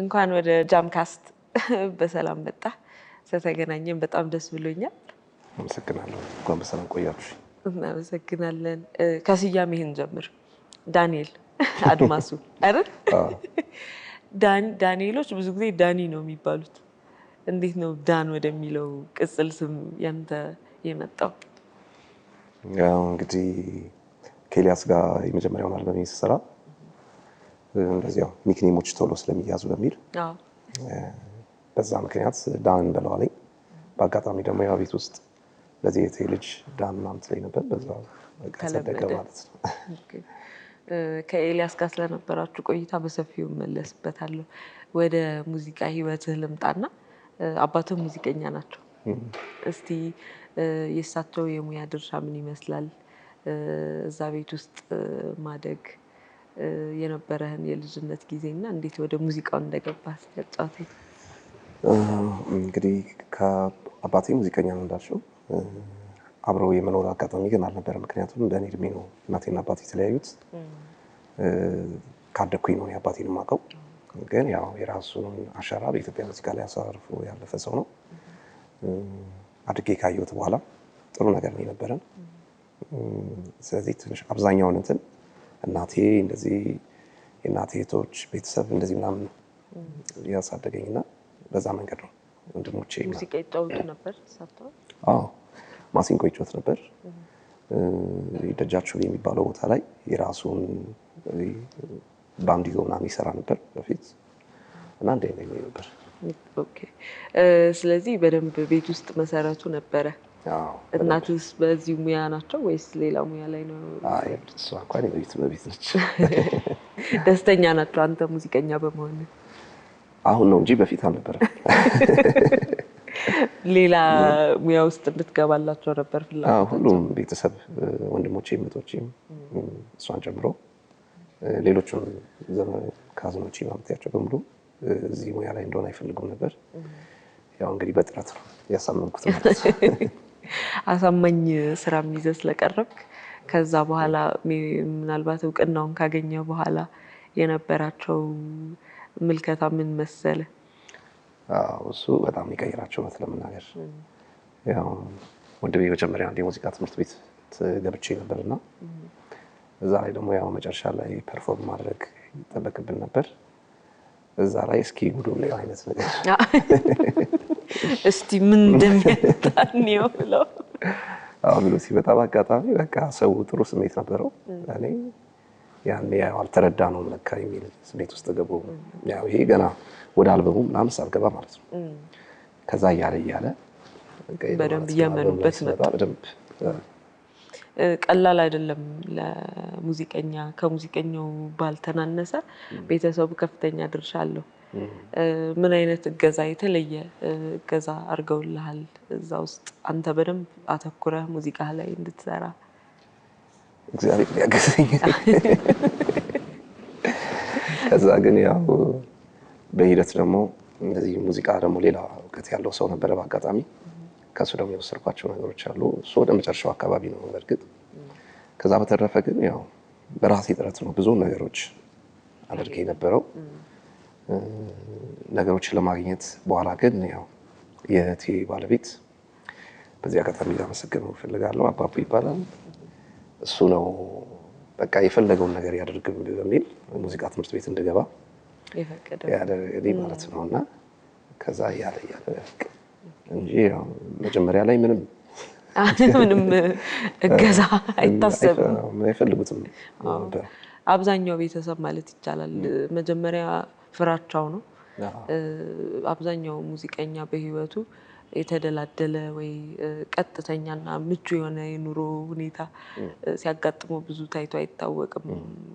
እንኳን ወደ ጃምካስት በሰላም መጣ ስለተገናኘን በጣም ደስ ብሎኛል። አመሰግናለሁ። እንኳን በሰላም ቆያችሁ። እናመሰግናለን። ከስያሜህን ጀምር። ዳንኤል አድማሱ አይደል? ዳንኤሎች ብዙ ጊዜ ዳኒ ነው የሚባሉት። እንዴት ነው ዳን ወደሚለው ቅጽል ስም ያንተ የመጣው? ያው እንግዲህ ከኤልያስ ጋር የመጀመሪያውን አልበሜ ስሰራ እንደዚያው ኒክኔሞች ቶሎ ስለሚያዙ በሚል በዛ ምክንያት ዳን እንበለዋለኝ። በአጋጣሚ ደግሞ ያ ቤት ውስጥ በዚህ የቴ ልጅ ዳን ምናምን ላይ ነበር። በዛ ከሰደገ ማለት ነው። ከኤልያስ ጋር ስለነበራችሁ ቆይታ በሰፊው መለስበታለሁ። ወደ ሙዚቃ ህይወትህ ልምጣና አባትህ ሙዚቀኛ ናቸው። እስቲ የእሳቸው የሙያ ድርሻ ምን ይመስላል? እዛ ቤት ውስጥ ማደግ የነበረህን የልጅነት ጊዜ እና እንዴት ወደ ሙዚቃው እንደገባ ያጫወት። እንግዲህ ከአባቴ ሙዚቀኛ ነው እንዳልሽው፣ አብረው የመኖር አጋጣሚ ግን አልነበረ። ምክንያቱም በእኔ እድሜ ነው እናቴና አባቴ የተለያዩት። ካደኩኝ ነው አባቴን የማውቀው። ግን ያው የራሱን አሻራ በኢትዮጵያ ሙዚቃ ላይ አሳርፎ ያለፈ ሰው ነው። አድጌ ካየሁት በኋላ ጥሩ ነገር ነው የነበረን። ስለዚህ ትንሽ አብዛኛውን እንትን እናቴ እንደዚህ የእናቴ እህቶች ቤተሰብ እንደዚህ ምናምን እያሳደገኝ እና በዛ መንገድ ነው ወንድሞቼ። ሙዚቃ ይጫወቱ ነበር? አዎ ማሲንቆ ይጫወት ነበር። ደጃችሁ የሚባለው ቦታ ላይ የራሱን ባንድ ይዞ ምናምን ይሰራ ነበር በፊት እና እንደ ነበር። ስለዚህ በደንብ ቤት ውስጥ መሰረቱ ነበረ። እናትስ በዚህ ሙያ ናቸው ወይስ ሌላ ሙያ ላይ ነው? እሷ እንኳን የቤት እመቤት ነች። ደስተኛ ናቸው አንተ ሙዚቀኛ በመሆን? አሁን ነው እንጂ በፊት አልነበረም። ሌላ ሙያ ውስጥ እንድትገባላቸው ነበር ፍላጎት? ሁሉም ቤተሰብ ወንድሞቼም እህቶቼም እሷን ጨምሮ ሌሎቹን ካዝኖቼ ማምትያቸው በሙሉ እዚህ ሙያ ላይ እንደሆነ አይፈልጉም ነበር። ያው እንግዲህ በጥረት ነው ያሳመንኩት ማለት ነው። አሳማኝ ስራ ይዘ ስለቀረብክ ከዛ በኋላ ምናልባት እውቅናውን ካገኘ በኋላ የነበራቸው ምልከታ ምን መሰለ? እሱ በጣም የሚቀይራቸው እውነት ለመናገር ያው ወንድሜ መጀመሪያ አንድ የሙዚቃ ትምህርት ቤት ገብቼ ነበር እና እዛ ላይ ደግሞ ያው መጨረሻ ላይ ፐርፎርም ማድረግ ይጠበቅብን ነበር። እዛ ላይ እስኪ ጉዱ ላይ አይነት ነገር እስቲ ምን እንደሚያጣን ነው ብለው ብሎ ሲመጣ በአጋጣሚ በቃ ሰው ጥሩ ስሜት ነበረው። እኔ ያን ያው አልተረዳ ነው ለካ የሚል ስሜት ውስጥ ገቡ። ያው ይሄ ገና ወደ አልበሙ ምናምን ሳልገባ ማለት ነው። ከዛ እያለ እያለ በደንብ እያመኑበት መጣ። በደንብ ቀላል አይደለም ለሙዚቀኛ ከሙዚቀኛው ባልተናነሰ ቤተሰቡ ከፍተኛ ድርሻ አለው። ምን አይነት እገዛ የተለየ እገዛ አድርገውልሃል እዛ ውስጥ አንተ በደንብ አተኩረ ሙዚቃ ላይ እንድትሰራ? እግዚአብሔር ያገዘኝ። ከዛ ግን ያው በሂደት ደግሞ እንደዚህ ሙዚቃ ደግሞ ሌላ እውቀት ያለው ሰው ነበረ በአጋጣሚ ከሱ ደግሞ የወሰድኳቸው ነገሮች አሉ። እሱ ወደ መጨረሻው አካባቢ ነው በእርግጥ። ከዛ በተረፈ ግን ያው በራሴ ጥረት ነው ብዙ ነገሮች አድርጌ የነበረው። ነገሮችን ለማግኘት በኋላ ግን ያው የእህቴ ባለቤት በዚህ አጋጣሚ ላመሰግን እፈልጋለሁ። አባቡ ይባላል። እሱ ነው በቃ የፈለገውን ነገር ያደርግ በሚል ሙዚቃ ትምህርት ቤት እንድገባ ያደረገልኝ ማለት ነው። እና ከዛ እያለ እያለ እንጂ መጀመሪያ ላይ ምንም ምንም እገዛ አይታሰብም። አይፈልጉትም። አብዛኛው ቤተሰብ ማለት ይቻላል መጀመሪያ ፍራቻው ነው። አብዛኛው ሙዚቀኛ በህይወቱ የተደላደለ ወይ ቀጥተኛና ምቹ የሆነ የኑሮ ሁኔታ ሲያጋጥመው ብዙ ታይቶ አይታወቅም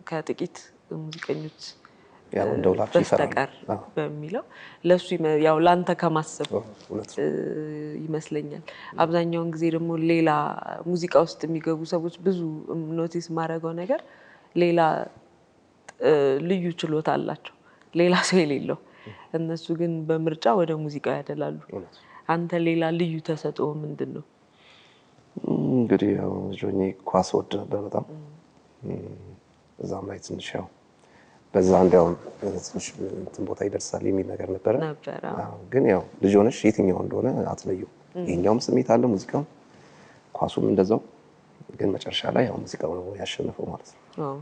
ከጥቂት ሙዚቀኞች በስተቀር በሚለው ለሱ ያው ለአንተ ከማሰብ ይመስለኛል። አብዛኛውን ጊዜ ደግሞ ሌላ ሙዚቃ ውስጥ የሚገቡ ሰዎች ብዙ ኖቲስ ማድረገው ነገር ሌላ ልዩ ችሎታ አላቸው። ሌላ ሰው የሌለው። እነሱ ግን በምርጫ ወደ ሙዚቃው ያደላሉ። አንተ ሌላ ልዩ ተሰጥኦ ምንድን ነው? እንግዲህ ጆኜ ኳስ ወድ ነበር በጣም እዛም ላይ ትንሽ ያው በዛ እንዲያውም ትንሽ እንትን ቦታ ይደርሳል የሚል ነገር ነበረ። ግን ያው ልጅ ሆነሽ የትኛው እንደሆነ አትለዩ። ይሄኛውም ስሜት አለ ሙዚቃው፣ ኳሱም እንደዛው። ግን መጨረሻ ላይ ያው ሙዚቃው ነው ያሸነፈው ማለት ነው።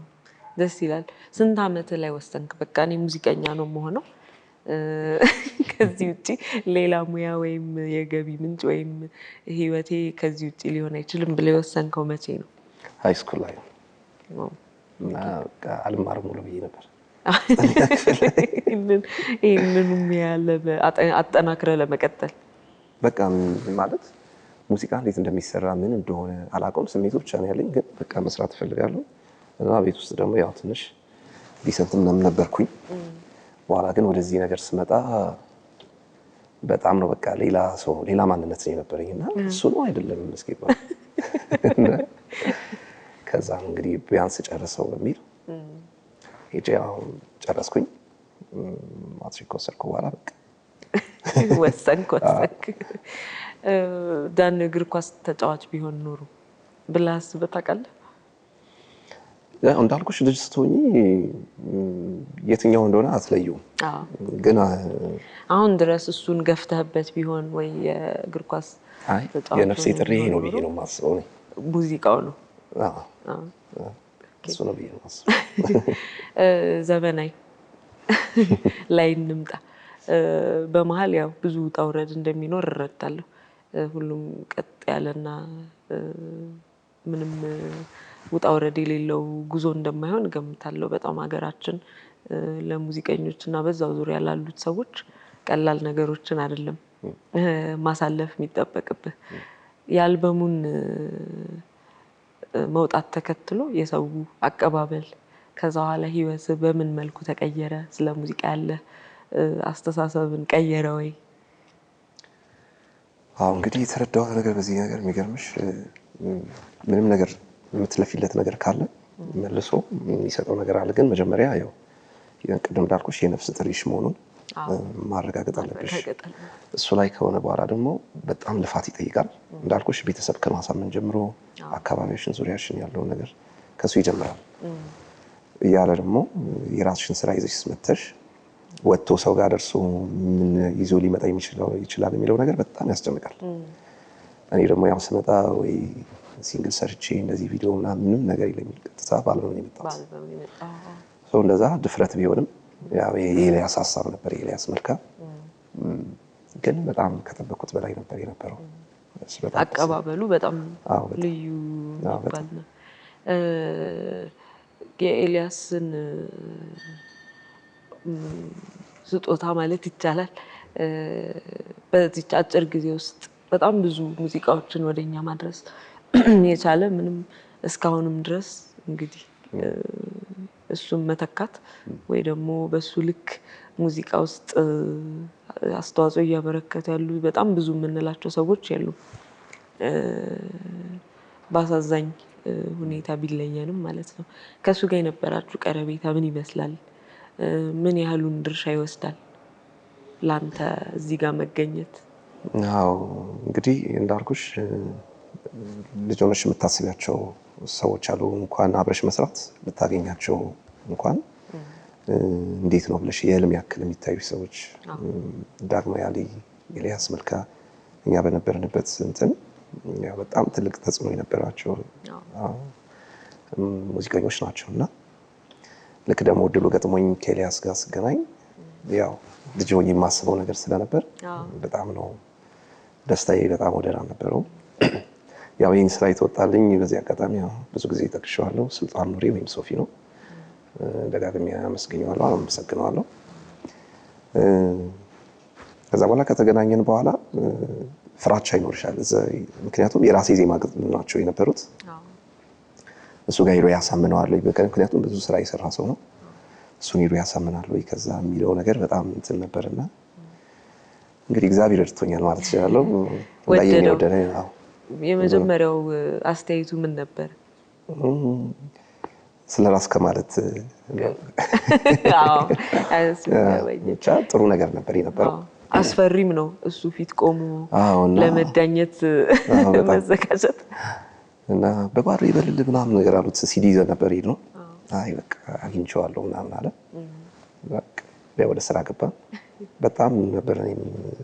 ደስ ይላል። ስንት ዓመት ላይ ወሰንክ? በቃ እኔ ሙዚቀኛ ነው መሆነው ከዚህ ውጭ ሌላ ሙያ ወይም የገቢ ምንጭ ወይም ህይወቴ ከዚህ ውጭ ሊሆን አይችልም ብለ የወሰንከው መቼ ነው? ሃይስኩል ላይ አልማርም ሙሉ ብዬ ነበር። ይህንን ሙያ አጠናክረ ለመቀጠል በቃ ማለት ሙዚቃ እንዴት እንደሚሰራ ምን እንደሆነ አላውቀውም። ስሜቱ ብቻ ነው ያለኝ፣ ግን በቃ መስራት እፈልጋለሁ። እና ቤት ውስጥ ደግሞ ያው ትንሽ ዲሰንት ምናምን ነበርኩኝ። በኋላ ግን ወደዚህ ነገር ስመጣ በጣም ነው በቃ ሌላ ሰው ሌላ ማንነት ነው የነበረኝ እና እሱ ነው አይደለም መስጌባ ከዛም እንግዲህ ቢያንስ ጨርሰው በሚል ሄጄ ያው ጨረስኩኝ። ማትሪክ ከወሰድኩ በኋላ በቃ ወሰንክ ወሰንኩ። ዳን እግር ኳስ ተጫዋች ቢሆን ኖሮ ብለህ አስበህ ታውቃለህ? እንዳልኩሽ ልጅ ስትሆኚ የትኛው እንደሆነ አትለዩም። ግን አሁን ድረስ እሱን ገፍተህበት ቢሆን ወይ የእግር ኳስ የነፍሴ ጥሪ ይሄ ነው ብዬ ነው የማስበው። ነው ሙዚቃው ነው እሱ ነው ብዬ ነው የማስበው። ዘመናዊ ላይ እንምጣ። በመሀል ያው ብዙ ውጣ ውረድ እንደሚኖር እረዳለሁ። ሁሉም ቀጥ ያለና ምንም ውጣ ውረድ የሌለው ጉዞ እንደማይሆን እገምታለሁ። በጣም ሀገራችን ለሙዚቀኞች እና በዛው ዙሪያ ላሉት ሰዎች ቀላል ነገሮችን አይደለም ማሳለፍ የሚጠበቅብህ። የአልበሙን መውጣት ተከትሎ የሰው አቀባበል ከዛ በኋላ ህይወት በምን መልኩ ተቀየረ? ስለ ሙዚቃ ያለ አስተሳሰብን ቀየረ ወይ? አሁ እንግዲህ የተረዳሁት ነገር በዚህ ነገር የሚገርምሽ ምንም ነገር የምትለፊለት ነገር ካለ መልሶ የሚሰጠው ነገር አለ። ግን መጀመሪያ ያው ቅድም እንዳልኩሽ የነፍስ ጥሪሽ መሆኑን ማረጋገጥ አለብሽ። እሱ ላይ ከሆነ በኋላ ደግሞ በጣም ልፋት ይጠይቃል። እንዳልኩሽ ቤተሰብ ከማሳመን ጀምሮ አካባቢዎችን፣ ዙሪያሽን ያለውን ነገር ከሱ ይጀምራል። እያለ ደግሞ የራስሽን ስራ ይዘሽ ስመተሽ ወጥቶ ሰው ጋር ደርሶ ምን ይዞ ሊመጣ ይችላል የሚለው ነገር በጣም ያስጨንቃል። እኔ ደግሞ ያው ስመጣ ወይ ሲንግል ሰርቼ እንደዚህ ቪዲዮ ምናምን ምንም ነገር የለኝም። ቀጥታ በአልበም ነው የመጣሁት። እንደዛ ድፍረት ቢሆንም ያው የኤልያስ ሀሳብ ነበር። የኤልያስ መልካ ግን በጣም ከጠበቅኩት በላይ ነበር የነበረው አቀባበሉ። በጣም ልዩ የሚባል ነው። የኤልያስን ስጦታ ማለት ይቻላል በዚች አጭር ጊዜ ውስጥ በጣም ብዙ ሙዚቃዎችን ወደኛ ማድረስ የቻለ ምንም እስካሁንም ድረስ እንግዲህ እሱን መተካት ወይ ደግሞ በሱ ልክ ሙዚቃ ውስጥ አስተዋጽኦ እያበረከቱ ያሉ በጣም ብዙ የምንላቸው ሰዎች የሉ። በአሳዛኝ ሁኔታ ቢለየንም ማለት ነው። ከእሱ ጋር የነበራችሁ ቀረቤታ ምን ይመስላል? ምን ያህሉን ድርሻ ይወስዳል ለአንተ እዚህ ጋር መገኘት? አዎ እንግዲህ እንዳልኩሽ ልጆች የምታስቢያቸው ሰዎች አሉ። እንኳን አብረሽ መስራት ብታገኛቸው እንኳን እንዴት ነው ብለሽ የህልም ያክል የሚታዩ ሰዎች ዳግማዊ አሊ፣ ኤልያስ መልካ እኛ በነበርንበት እንትን በጣም ትልቅ ተጽዕኖ የነበራቸው ሙዚቀኞች ናቸው እና ልክ ደግሞ እድሉ ገጥሞኝ ከኤልያስ ጋር ስገናኝ ያው ልጅ ሆኜ የማስበው ነገር ስለነበር በጣም ነው ደስታዬ። በጣም ወደር አልነበረውም። ያው ይህን ስራ የተወጣልኝ በዚህ አጋጣሚ ብዙ ጊዜ ጠቅሼዋለሁ። ስልጣን ኑሪ ወይም ሶፊ ነው። ደጋግሜ አመስግኘዋለሁ፣ አመሰግነዋለሁ። ከዛ በኋላ ከተገናኘን በኋላ ፍራቻ ይኖርሻል፣ ምክንያቱም የራሴ ዜማ ግጥም ናቸው የነበሩት። እሱ ጋር ሄዶ ያሳምነዋል፣ ምክንያቱም ብዙ ስራ የሰራ ሰው ነው። እሱን ሄዶ ያሳምናል ወይ ከዛ የሚለው ነገር በጣም እንትን ነበርና እንግዲህ እግዚአብሔር እርቶኛል ማለት እችላለሁ። ወደደ የመጀመሪያው አስተያየቱ ምን ነበር? ስለ ራስ ከማለት ጥሩ ነገር ነበር የነበረው። አስፈሪም ነው እሱ ፊት ቆሞ ለመዳኘት መዘጋጀት እና በባዶ ይበልል ምናምን ነገር አሉት። ሲዲ ይዘን ነበር ሄድ ነው። አይ በቃ አግኝቼዋለሁ ምናምን አለ። ወደ ስራ ገባ። በጣም ነበር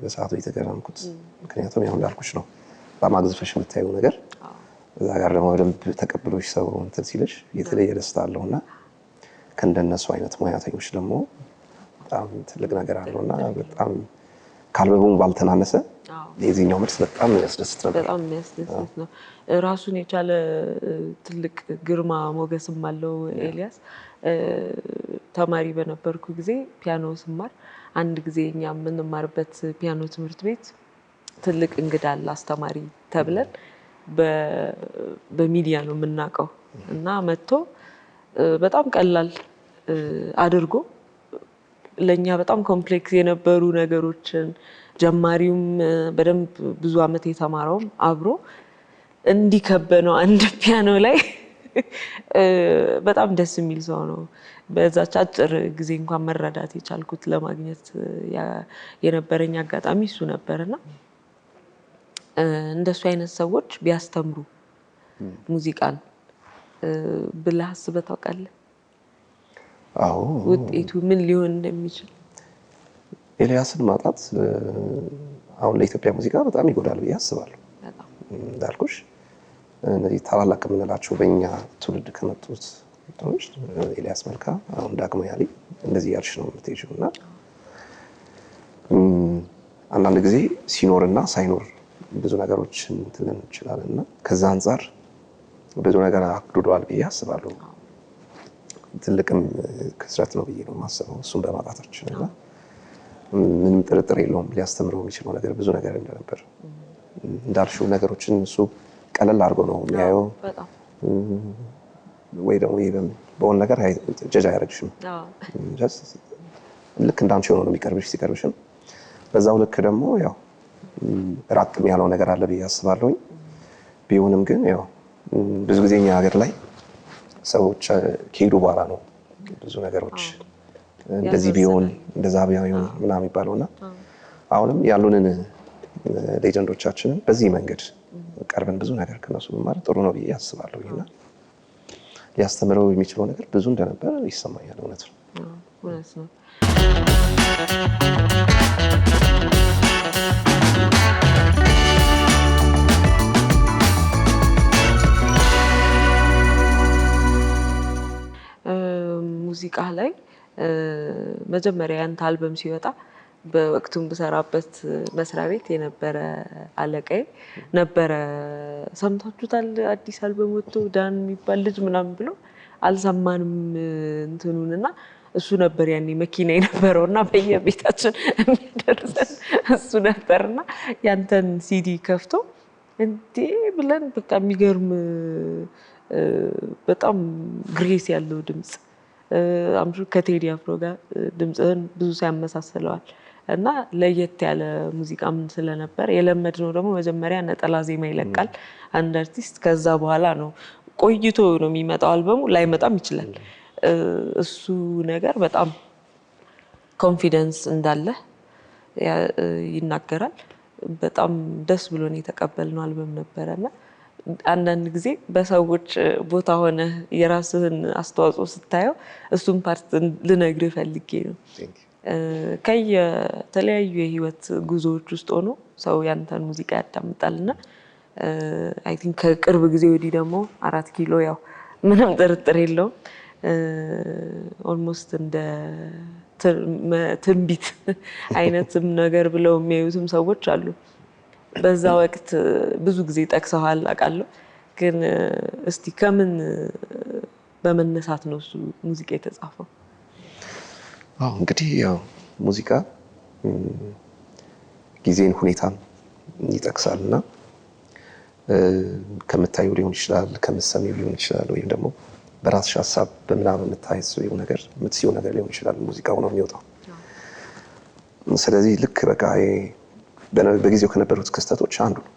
በሰዓቱ የተገረምኩት፣ ምክንያቱም ያው እንዳልኩሽ ነው በማግዘፈሽ የምታየው ነገር እዛ ጋር ደግሞ በደንብ ተቀብሎች ሰው እንትን ሲልሽ የተለየ ደስታ አለው እና ከእንደነሱ አይነት ሙያተኞች ደግሞ በጣም ትልቅ ነገር አለው እና በጣም ካልበቡም ባልተናነሰ የዚህኛው ምርት በጣም የሚያስደስት ነበር። በጣም የሚያስደስት ነው። ራሱን የቻለ ትልቅ ግርማ ሞገስም አለው ኤልያስ። ተማሪ በነበርኩ ጊዜ ፒያኖ ስማር አንድ ጊዜ እኛ የምንማርበት ፒያኖ ትምህርት ቤት ትልቅ እንግዳ አለ አስተማሪ ተብለን በሚዲያ ነው የምናውቀው እና መጥቶ በጣም ቀላል አድርጎ ለእኛ በጣም ኮምፕሌክስ የነበሩ ነገሮችን ጀማሪውም በደንብ ብዙ ዓመት የተማረውም አብሮ እንዲከበነው አንድ ፒያኖ ላይ በጣም ደስ የሚል ሰው ነው። በዛች አጭር ጊዜ እንኳን መረዳት የቻልኩት ለማግኘት የነበረኝ አጋጣሚ እሱ ነበርና እንደሱ አይነት ሰዎች ቢያስተምሩ ሙዚቃን ብለህ አስበህ ታውቃለህ? አዎ። ውጤቱ ምን ሊሆን እንደሚችል ኤልያስን ማጣት አሁን ለኢትዮጵያ ሙዚቃ በጣም ይጎዳል ብዬ አስባለሁ። እንዳልኩሽ እነዚህ ታላላቅ የምንላቸው በእኛ ትውልድ ከመጡት ቶች ኤልያስ መልካ፣ አሁን ዳግሞ ያሊ እንደዚህ ያልሽ ነው የምትሄጂው እና አንዳንድ ጊዜ ሲኖርና ሳይኖር ብዙ ነገሮች እንትን ይችላል እና ከዛ አንጻር ብዙ ነገር አክዱዷል ብዬ አስባለሁ። ትልቅም ክስረት ነው ብዬ ነው የማስበው እሱን በማጣታችን እና ምንም ጥርጥር የለውም ሊያስተምረው የሚችለው ነገር ብዙ ነገር እንደነበር እንዳልሽው ነገሮችን እሱ ቀለል አድርጎ ነው የሚያየው ወይ ደግሞ ይህ በሆን ነገር ጀጃ አያደርግሽም። ልክ እንዳንቺ የሆነ ነው የሚቀርብሽ ሲቀርብሽም በዛው ልክ ደግሞ ያው ራቅም ያለው ነገር አለ ብዬ አስባለሁኝ። ቢሆንም ግን ያው ብዙ ጊዜ እኛ ሀገር ላይ ሰዎች ከሄዱ በኋላ ነው ብዙ ነገሮች እንደዚህ ቢሆን እንደዛ ቢሆን ምናምን የሚባለው እና አሁንም ያሉንን ሌጀንዶቻችንን በዚህ መንገድ ቀርበን ብዙ ነገር ከነሱ ማለት ጥሩ ነው ብዬ አስባለሁ እና ሊያስተምረው የሚችለው ነገር ብዙ እንደነበረ ይሰማኛል። እውነት ነው። ሙዚቃ ላይ መጀመሪያ ያንተ አልበም ሲወጣ በወቅቱም ብሰራበት መስሪያ ቤት የነበረ አለቃዬ ነበረ ሰምታችሁታል፣ አዲስ አልበም ወጥቶ ዳን የሚባል ልጅ ምናምን ብሎ አልሰማንም እንትኑን እና እሱ ነበር ያኔ መኪና የነበረው እና በየቤታችን የሚደርሰን እሱ ነበር እና ያንተን ሲዲ ከፍቶ እንዴ ብለን በቃ የሚገርም በጣም ግሬስ ያለው ድምፅ አምሹ ከቴዲ አፍሮ ጋር ድምፅህን ብዙ ሲያመሳስለዋል እና ለየት ያለ ሙዚቃም ስለነበር ነው። ደግሞ መጀመሪያ ነጠላ ዜማ ይለቃል አንድ አርቲስት። ከዛ በኋላ ነው ቆይቶ ነው የሚመጣው አልበሙ ላይመጣም ይችላል። እሱ ነገር በጣም ኮንፊደንስ እንዳለ ይናገራል። በጣም ደስ ብሎን የተቀበልነው አልበም እና አንዳንድ ጊዜ በሰዎች ቦታ ሆነ የራስህን አስተዋጽኦ ስታየው እሱን ፓርት ልነግርህ ፈልጌ ነው። ከየተለያዩ የህይወት ጉዞዎች ውስጥ ሆኖ ሰው ያንተን ሙዚቃ ያዳምጣልና አይ ቲንክ ከቅርብ ጊዜ ወዲህ ደግሞ አራት ኪሎ ያው ምንም ጥርጥር የለውም ኦልሞስት እንደ ትንቢት አይነትም ነገር ብለው የሚያዩትም ሰዎች አሉ። በዛ ወቅት ብዙ ጊዜ ጠቅሰዋል አውቃለሁ። ግን እስቲ ከምን በመነሳት ነው እሱ ሙዚቃ የተጻፈው? እንግዲህ ያው ሙዚቃ ጊዜን ሁኔታን ይጠቅሳል እና ከምታዩ ሊሆን ይችላል፣ ከምትሰሚው ሊሆን ይችላል፣ ወይም ደግሞ በራስሽ ሀሳብ በምናብ የምታየው ነገር ነገር ሊሆን ይችላል ሙዚቃው ነው የሚወጣው። ስለዚህ ልክ በቃ በጊዜው ከነበሩት ክስተቶች አንዱ ነው።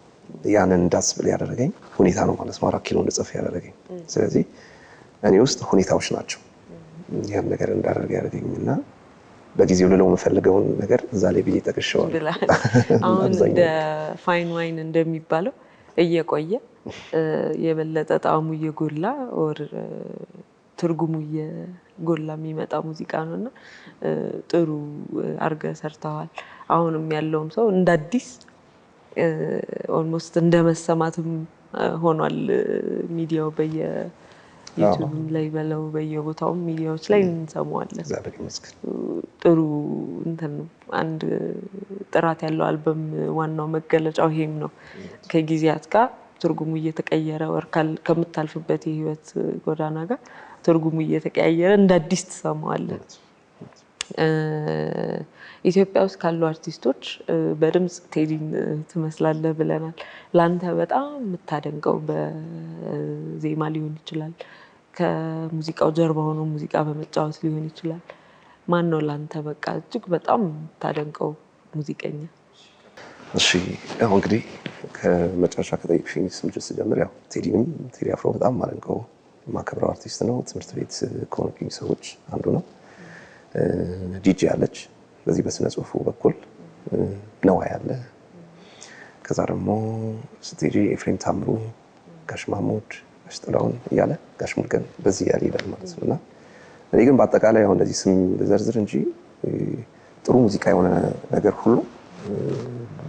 ያንን እንዳስብል ያደረገኝ ሁኔታ ነው ማለት ነው። አራት ኪሎ እንድጽፍ ያደረገኝ ስለዚህ እኔ ውስጥ ሁኔታዎች ናቸው ያን ነገር እንዳደርግ ያደረገኝ እና በጊዜው ልለው የምፈልገውን ነገር እዛ ላይ ብዬ ጠቅሼዋለሁ። አሁን እንደ ፋይን ዋይን እንደሚባለው እየቆየ የበለጠ ጣዕሙ እየጎላ ወር ትርጉሙ ጎላ የሚመጣ ሙዚቃ ነው እና ጥሩ አርገ ሰርተዋል። አሁንም ያለውም ሰው እንደ አዲስ ኦልሞስት እንደ መሰማትም ሆኗል። ሚዲያው በየዩቱብም ላይ በለው በየቦታውም ሚዲያዎች ላይ እንሰማዋለን። ጥሩ እንትን ነው። አንድ ጥራት ያለው አልበም ዋናው መገለጫው ይሄም ነው። ከጊዜያት ጋር ትርጉሙ እየተቀየረ ወር ከምታልፍበት የህይወት ጎዳና ጋር ትርጉሙ እየተቀያየረ እንደ አዲስ ትሰማዋለን። ኢትዮጵያ ውስጥ ካሉ አርቲስቶች በድምፅ ቴዲን ትመስላለህ ብለናል። ለአንተ በጣም የምታደንቀው በዜማ ሊሆን ይችላል፣ ከሙዚቃው ጀርባ ሆኖ ሙዚቃ በመጫወት ሊሆን ይችላል። ማን ነው ለአንተ በቃ እጅግ በጣም የምታደንቀው ሙዚቀኛ? እሺ ያው እንግዲህ ከመጨረሻ ከጠየቅሽኝ ስም ስጀምር ያው ቴዲንም ቴዲ አፍሮ በጣም ማደንቀው ማከብረው አርቲስት ነው። ትምህርት ቤት ከሆኑብኝ ሰዎች አንዱ ነው። ጂጂ አለች። በዚህ በስነ ጽሁፉ በኩል ነዋይ አለ። ከዛ ደግሞ ስትሄጂ ኤፍሬም ታምሩ፣ ጋሽ ማሙድ፣ ጋሽ እያለ ጋሽ ሙልገን በዚህ ያለ ይላል ማለት ነው እና እኔ ግን በአጠቃላይ አሁን እንደዚህ ስም ልዘርዝር እንጂ ጥሩ ሙዚቃ የሆነ ነገር ሁሉ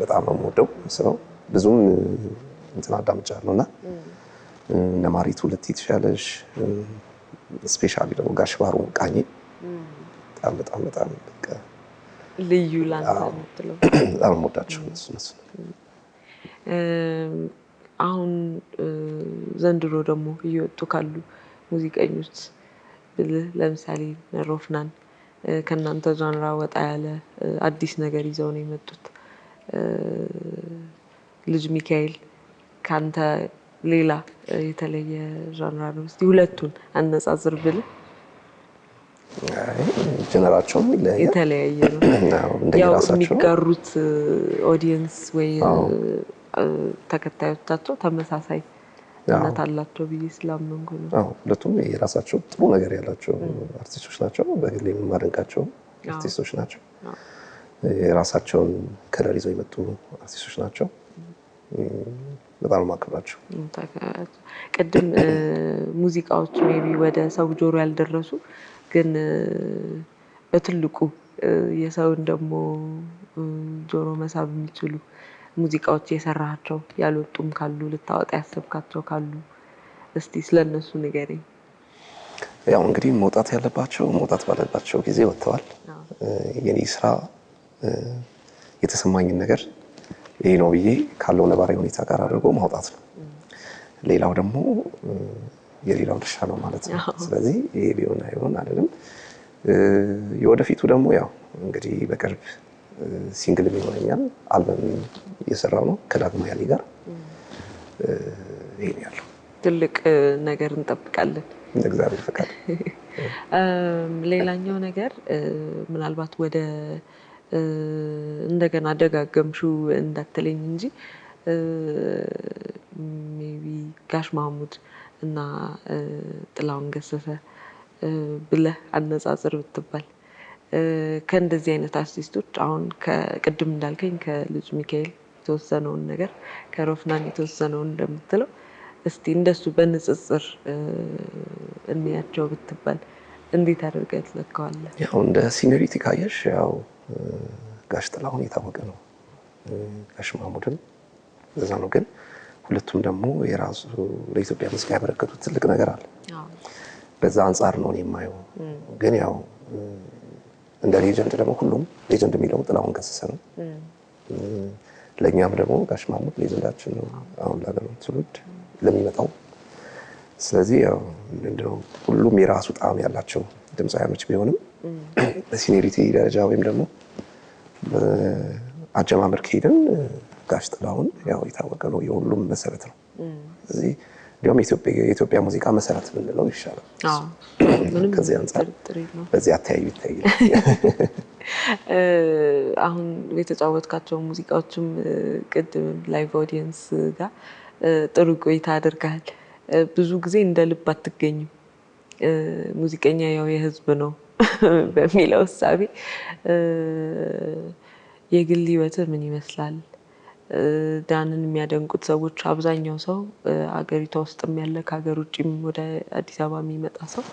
በጣም ነው የምወደው። ስለው ብዙም እንትን አዳምጫለሁ እና ነማሪት ሁለት የተሻለሽ ስፔሻሊ ደግሞ ጋሽ ባህሩን ቃኝ በጣም በጣም በጣም ልዩ ላንተ ምትለው በጣም ወዳቸው እነሱ እነሱ። አሁን ዘንድሮ ደግሞ እየወጡ ካሉ ሙዚቀኞች ብልህ ለምሳሌ ነሮፍናን ከእናንተ ዟንራ ወጣ ያለ አዲስ ነገር ይዘው ነው የመጡት። ልጅ ሚካኤል ከአንተ ሌላ የተለየ ዣንራል ውስጥ ሁለቱን አነጻጽር ብል ጀነራቸውም የተለያየ ነው። ያው የሚጋሩት ኦዲየንስ ወይ ተከታዮቻቸው ተመሳሳይ እነት አላቸው ብዬ ስላመንኩ ነው። ሁለቱም የራሳቸው ጥሩ ነገር ያላቸው አርቲስቶች ናቸው። በግሌ የማደንቃቸው አርቲስቶች ናቸው። የራሳቸውን ከለር ይዘው የመጡ አርቲስቶች ናቸው። በጣም ማክብራቸው። ቅድም ሙዚቃዎች ቢ ወደ ሰው ጆሮ ያልደረሱ ግን በትልቁ የሰውን ደግሞ ጆሮ መሳብ የሚችሉ ሙዚቃዎች የሰራቸው ያልወጡም ካሉ ልታወጣ ያሰብካቸው ካሉ እስቲ ስለነሱ ንገረኝ። ያው እንግዲህ መውጣት ያለባቸው መውጣት ባለባቸው ጊዜ ወጥተዋል። የኔ ስራ የተሰማኝን ነገር ይህ ነው ብዬ ካለው ነባራዊ ሁኔታ ጋር አድርጎ ማውጣት ነው። ሌላው ደግሞ የሌላው ድርሻ ነው ማለት ነው። ስለዚህ ይሄ ቢሆን አይሆን አይደለም። የወደፊቱ ደግሞ ያው እንግዲህ በቅርብ ሲንግል ይሆነኛል አልበም እየሰራው ነው ከዳግማ ያሌ ጋር ይሄ ያለው ትልቅ ነገር እንጠብቃለን። እግዚአብሔር ፈቃድ። ሌላኛው ነገር ምናልባት ወደ እንደገና ደጋገምሹ እንዳትለኝ እንጂ ሜቢ ጋሽ ማሙድ እና ጥላውን ገሰሰ ብለህ አነጻጽር ብትባል ከእንደዚህ አይነት አርቲስቶች አሁን ቅድም እንዳልከኝ ከልጅ ሚካኤል የተወሰነውን ነገር ከሮፍናን የተወሰነውን እንደምትለው እስቲ እንደሱ በንጽጽር እንያቸው ብትባል እንዴት አድርገህ ትለካዋለህ? ያው እንደ ሲኒሪቲ ካየሽ ያው ጋሽ ጥላሁን የታወቀ ነው፣ ጋሽ ማሙድም በዛ ነው። ግን ሁለቱም ደግሞ የራሱ ለኢትዮጵያ ሙዚቃ ያበረከቱት ትልቅ ነገር አለ። በዛ አንጻር ነው የማየው። ግን ያው እንደ ሌጀንድ ደግሞ ሁሉም ሌጀንድ የሚለው ጥላሁን ገሰሰ ነው። ለእኛም ደግሞ ጋሽ ማሙድ ሌጀንዳችን ነው፣ አሁን ላለነው ትውልድ ለሚመጣው። ስለዚህ ያው ሁሉም የራሱ ጣዕም ያላቸው ድምፃያኖች ቢሆንም በሲኒሪቲ ደረጃ ወይም ደግሞ አጀማመር ከሄድን ጋሽ ጥላሁን ያው የታወቀ ነው፣ የሁሉም መሰረት ነው። እዚህ እንዲሁም የኢትዮጵያ ሙዚቃ መሰረት ብንለው ይሻላል። ከዚህ አንጻር በዚህ አተያዩ ይታያል። አሁን የተጫወትካቸው ሙዚቃዎችም ቅድም ላይቭ ኦዲየንስ ጋር ጥሩ ቆይታ አድርገሃል። ብዙ ጊዜ እንደ ልብ አትገኝም። ሙዚቀኛ ያው የህዝብ ነው በሚለው እሳቤ የግል ህይወት ምን ይመስላል? ዳንን የሚያደንቁት ሰዎች አብዛኛው ሰው አገሪቷ ውስጥም ያለ ከሀገር ውጭም ወደ አዲስ አበባ የሚመጣ ሰው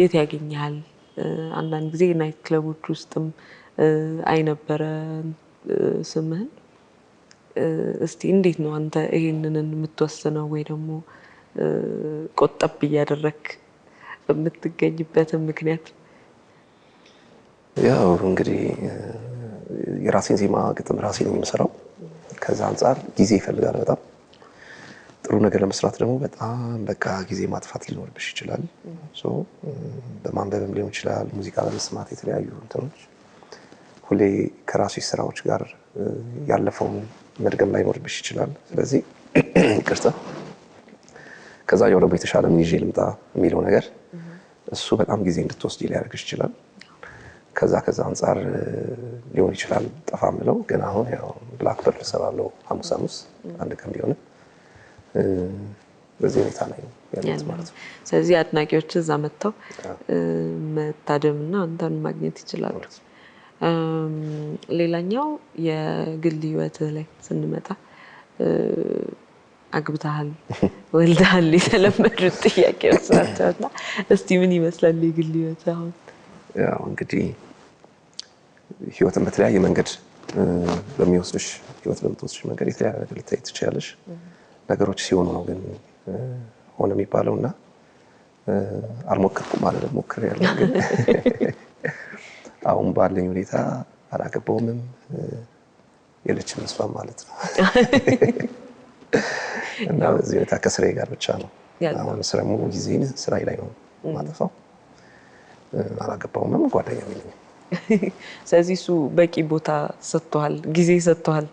የት ያገኘሃል? አንዳንድ ጊዜ ናይት ክለቦች ውስጥም አይነበረ ስምህን። እስቲ እንዴት ነው አንተ ይሄንን የምትወስነው ወይ ደግሞ ቆጠብ እያደረክ የምትገኝበትን ምክንያት ያው እንግዲህ የራሴን ዜማ ግጥም ራሴ ነው የምሰራው። ከዛ አንጻር ጊዜ ይፈልጋል በጣም ጥሩ ነገር ለመስራት ደግሞ በጣም በቃ ጊዜ ማጥፋት ሊኖርብሽ ይችላል። በማንበብም ሊሆን ይችላል፣ ሙዚቃ በመስማት የተለያዩ እንትኖች። ሁሌ ከራሱ ስራዎች ጋር ያለፈውን መድገም ላይኖርብሽ ይችላል። ስለዚህ ቅርጽ ከዛ ያው ደግሞ የተሻለ ምን ይዤ ልምጣ የሚለው ነገር እሱ በጣም ጊዜ እንድትወስድ ሊያደርግሽ ይችላል። ከዛ ከዛ አንጻር ሊሆን ይችላል ጠፋ ምለው ግን አሁን ያው ብላክበርድ እሰራለሁ ሐሙስ ሐሙስ አንድ ቀን ቢሆንም በዚህ ሁኔታ ላይ ነው። ስለዚህ አድናቂዎች እዛ መጥተው መታደም መታደምና አንተን ማግኘት ይችላሉ። ሌላኛው የግል ህይወት ላይ ስንመጣ አግብተሃል፣ ወልደሃል የተለመዱት ጥያቄዎች ናቸውና እስቲ ምን ይመስላል የግል ህይወት አሁን? እንግዲህ ህይወትን በተለያየ መንገድ በሚወስድሽ ህይወት በምትወስድሽ መንገድ የተለያየ ልታይ ትችላለሽ። ነገሮች ሲሆኑ ነው ግን ሆነ የሚባለው እና አልሞከርኩም ማለት ሞክር ያለ ግን አሁን ባለኝ ሁኔታ አላገባውምም የለችም መስፋ ማለት ነው። እና በዚህ ሁኔታ ከስራ ጋር ብቻ ነው አሁን ስራ ሙሉ ጊዜ ስራ ላይ ነው ማለፈው። አላገባውምም ጓደኛ የለኝም። ስለዚህ እሱ በቂ ቦታ ሰጥቷል፣ ጊዜ ሰጥቷል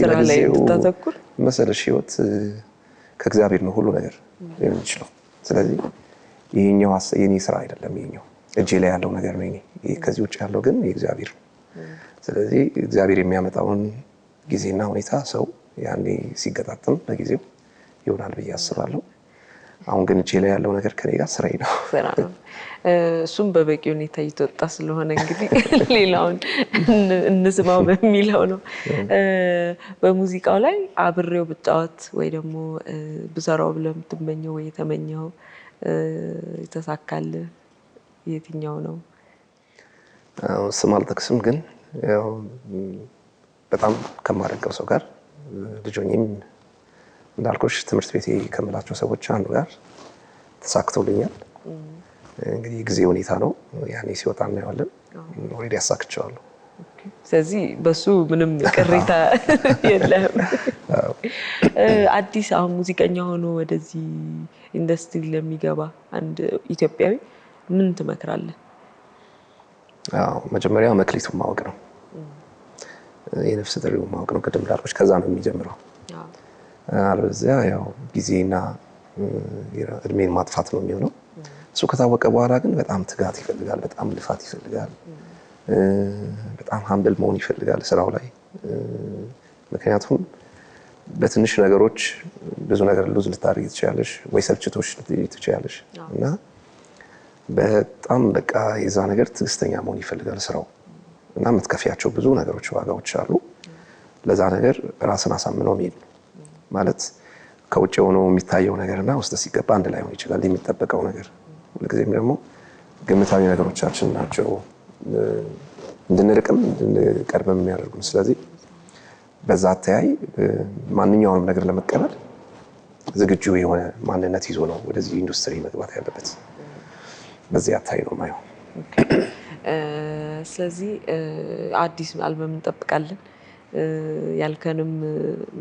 ስራ ላይ እንድታተኩር መሰለሽ። ህይወት ከእግዚአብሔር ነው ሁሉ ነገር የምንችለው። ስለዚህ ይሄኛው የኔ ስራ አይደለም፣ ይሄኛው እጄ ላይ ያለው ነገር ነው የኔ። ከዚህ ውጭ ያለው ግን የእግዚአብሔር ነው። ስለዚህ እግዚአብሔር የሚያመጣውን ጊዜና ሁኔታ ሰው ያኔ ሲገጣጥም በጊዜው ይሆናል ብዬ አስባለሁ። አሁን ግን እጄ ላይ ያለው ነገር ከኔ ጋር ስራዬ ነው። እሱም በበቂ ሁኔታ እየተወጣ ስለሆነ እንግዲህ ሌላውን እንስማው በሚለው ነው። በሙዚቃው ላይ አብሬው ብጫወት ወይ ደግሞ ብሰራው ብለህ የምትመኘው ወይ የተመኘው የተሳካል የትኛው ነው? ስም አልጠቅስም፣ ግን በጣም ከማደንቀው ሰው ጋር ልጆኝም እንዳልኩሽ ትምህርት ቤት ከምላቸው ሰዎች አንዱ ጋር ተሳክቶልኛል። እንግዲህ የጊዜ ሁኔታ ነው፣ ያኔ ሲወጣ እናየዋለን። ኦልሬዲ ያሳክቸዋለሁ። ስለዚህ በሱ ምንም ቅሬታ የለም። አዲስ አሁን ሙዚቀኛ ሆኖ ወደዚህ ኢንዱስትሪ ለሚገባ አንድ ኢትዮጵያዊ ምን ትመክራለህ? መጀመሪያ መክሊቱን ማወቅ ነው፣ የነፍስ ጥሪውን ማወቅ ነው። ቅድም ላልኩሽ ከዛ ነው የሚጀምረው። አለበለዚያ ያው ጊዜና እድሜን ማጥፋት ነው የሚሆነው። እሱ ከታወቀ በኋላ ግን በጣም ትጋት ይፈልጋል፣ በጣም ልፋት ይፈልጋል፣ በጣም ሀምብል መሆን ይፈልጋል ስራው ላይ ምክንያቱም በትንሽ ነገሮች ብዙ ነገር ሉዝ ልታደርግ ትችላለሽ፣ ወይ ሰልችቶች ልትይ ትችላለሽ እና በጣም በቃ የዛ ነገር ትዕግስተኛ መሆን ይፈልጋል ስራው እና የምትከፍያቸው ብዙ ነገሮች ዋጋዎች አሉ። ለዛ ነገር ራስን አሳምነው መሄድ ነው። ማለት ከውጭ ሆኖ የሚታየው ነገርና ውስጥ ሲገባ አንድ ላይ ሆኖ ይችላል የሚጠበቀው ነገር። ሁልጊዜም ደግሞ ግምታዊ ነገሮቻችን ናቸው እንድንርቅም እንድንቀርብም የሚያደርጉን። ስለዚህ በዛ አተያይ ማንኛውንም ነገር ለመቀበል ዝግጁ የሆነ ማንነት ይዞ ነው ወደዚህ ኢንዱስትሪ መግባት ያለበት። በዚህ አታይ ነው ማየው። ስለዚህ አዲስ አልበም እንጠብቃለን። ያልከንም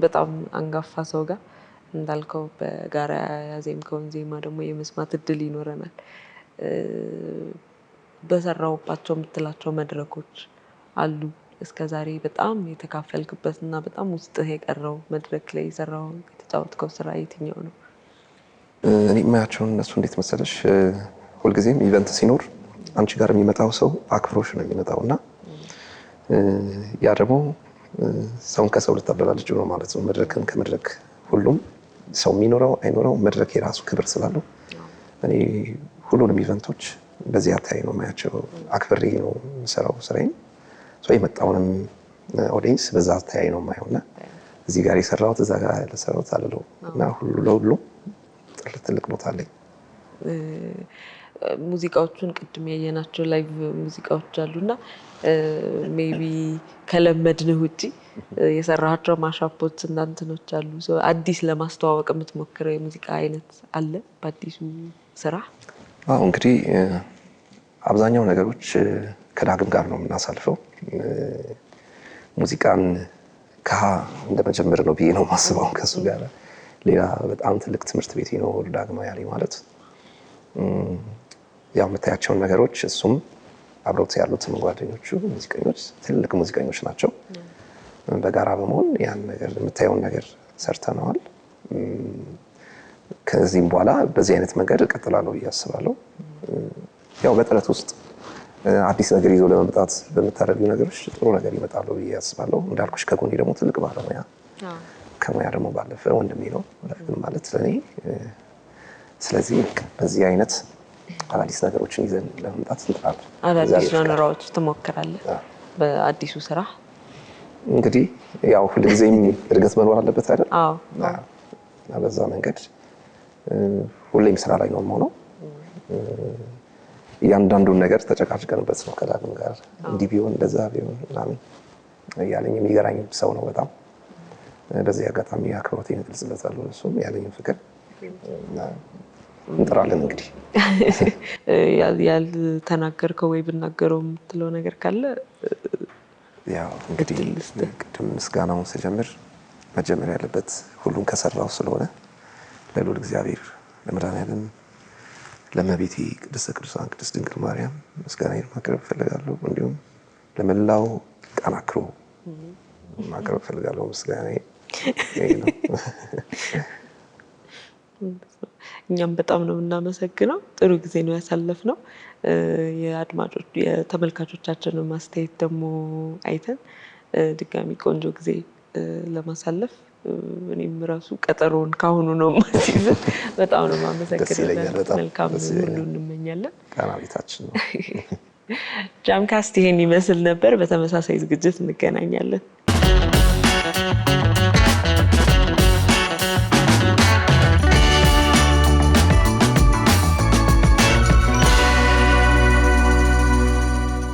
በጣም አንጋፋ ሰው ጋር እንዳልከው በጋራ ያዜምከውን ዜማ ደግሞ የመስማት እድል ይኖረናል። በሰራውባቸው የምትላቸው መድረኮች አሉ እስከ ዛሬ በጣም የተካፈልክበት እና በጣም ውስጥህ የቀረው መድረክ ላይ የሰራው የተጫወትከው ስራ የትኛው ነው? እኔ የማያቸውን እነሱ እንዴት መሰለሽ፣ ሁልጊዜም ኢቨንት ሲኖር አንቺ ጋር የሚመጣው ሰው አክብሮሽ ነው የሚመጣው እና ያ ደግሞ ሰውን ከሰው ልታበላለች ነው ማለት ነው። መድረክን ከመድረክ ሁሉም ሰው የሚኖረው አይኖረው መድረክ የራሱ ክብር ስላለው እኔ ሁሉንም ኢቨንቶች በዚህ አታይ ነው ማያቸው፣ አክብሬ ነው የምሰራው ስራዬን። የመጣውንም ኦዲንስ በዛ አታይ ነው ማየው እና እዚህ ጋር የሰራሁት እዛ ጋር ያልሰራሁት አለለው እና ሁሉ ለሁሉም ትልቅ ቦታ አለኝ። ሙዚቃዎቹን ቅድም ያየናቸው ላይቭ ሙዚቃዎች አሉና ሜቢ ከለመድንህ ውጪ የሰራቸው ማሻፖች እና እንትኖች አሉ። አዲስ ለማስተዋወቅ የምትሞክረው የሙዚቃ አይነት አለ በአዲሱ ስራ? አሁ እንግዲህ አብዛኛው ነገሮች ከዳግም ጋር ነው የምናሳልፈው። ሙዚቃን ከሀ እንደመጀመር ነው ብዬ ነው ማስበው። ከሱ ጋር ሌላ በጣም ትልቅ ትምህርት ቤቴ ነው ዳግማ ያሌ ማለት ያው የምታያቸውን ነገሮች እሱም አብረውት ያሉትም ጓደኞቹ ሙዚቀኞች ትልቅ ሙዚቀኞች ናቸው። በጋራ በመሆን ያን ነገር የምታየውን ነገር ሰርተነዋል። ከዚህም በኋላ በዚህ አይነት መንገድ እቀጥላለሁ ብዬ አስባለሁ። ያው በጥረት ውስጥ አዲስ ነገር ይዞ ለመምጣት በምታደርጊው ነገሮች ጥሩ ነገር ይመጣሉ ብዬ አስባለሁ። እንዳልኩሽ ከጎኔ ደግሞ ትልቅ ባለሙያ ከሙያ ደግሞ ባለፈ ወንድሜ ነው ማለት ለእኔ። ስለዚህ በዚህ አይነት አዳዲስ ነገሮችን ይዘን ለመምጣት እንጥራለን። አዳዲስ ጀንራዎች ትሞክራለህ? በአዲሱ ስራ እንግዲህ ያው ሁልጊዜም እድገት መኖር አለበት አይደል? እና በዛ መንገድ ሁሌም ስራ ላይ ነው የምሆነው። እያንዳንዱን ነገር ተጨቃጭቀንበት ነው ከዳግም ጋር እንዲህ ቢሆን እንደዛ ቢሆን ምናምን እያለኝ የሚገራኝ ሰው ነው በጣም። በዚህ አጋጣሚ አክብሮቴን እገልጽለታለሁ። እሱም ያለኝን ፍቅር እንጥራለን እንግዲህ ያልተናገርከው ወይ ብናገረው የምትለው ነገር ካለ ያው እንግዲህ ቅድም ምስጋናውን ስጀምር መጀመር ያለበት ሁሉን ከሰራው ስለሆነ ለሉል እግዚአብሔር ለመድኃኔዓለም ለመቤቴ ቅድስተ ቅዱሳን ቅድስት ድንግል ማርያም ምስጋና ማቅረብ እፈልጋለሁ። እንዲሁም ለመላው ቃና ክሮ ማቅረብ እፈልጋለሁ ነው። እኛም በጣም ነው የምናመሰግነው። ጥሩ ጊዜ ነው ያሳለፍነው። የአድማጮች የተመልካቾቻችንን ማስተያየት ደግሞ አይተን ድጋሚ ቆንጆ ጊዜ ለማሳለፍ እኔም ራሱ ቀጠሮውን ካሁኑ ነው ማስይዘን። በጣም ነው የማመሰግነው። መልካም ሁሉ እንመኛለን። ነው። ጃምካስት ይሄን ይመስል ነበር። በተመሳሳይ ዝግጅት እንገናኛለን።